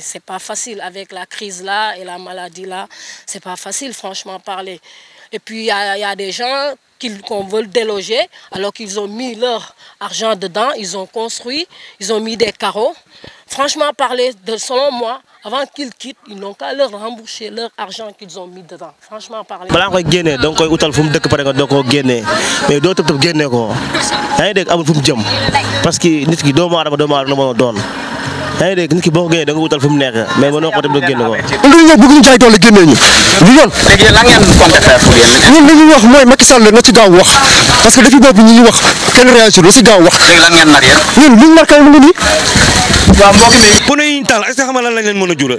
c'est pas facile avec la crise là et la maladie là c'est pas facile franchement parler et puis il y a des gens qu'on veut déloger, alors qu'ils ont mis leur argent dedans, ils ont construit, ils ont mis des carreaux. Franchement, parler selon moi, avant qu'ils quittent, ils n'ont qu'à leur rembourser leur argent qu'ils ont mis dedans. Franchement, parler. Je ne koy pas da nga koy utal fu mu mais d'autres tëb parce que les gens doomu aadama yaa ngi dégg nit ki boo ko génnee da wutal fu mu nekk mais mënoo ko tamit génn ko. ñun ñoo bëgg ñu jaay doole génnee ñu. du yoon léegi lan ngeen compté faire pour yéen. ñun li ñuy wax mooy Macky Sall na ci gaaw wax parce que depuis boobu ñu ngi wax kenn réagir na ci gaaw wax. léegi lan ngeen nar yéen. ñun liñ mu ngi nii. waaw mbokk yi ñu taal est que xam nga leen mën a jural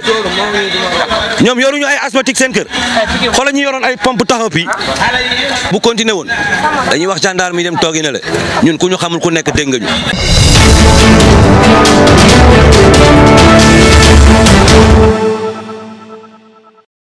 ñoom yoruñu ay asthmatique seen kër xoolal ñu yoroon ay pompe taxaw fii bu continué woon dañuy wax gendarme yi dem toogi na la ñun ku ñu xamul ku nekk dégg nga ñu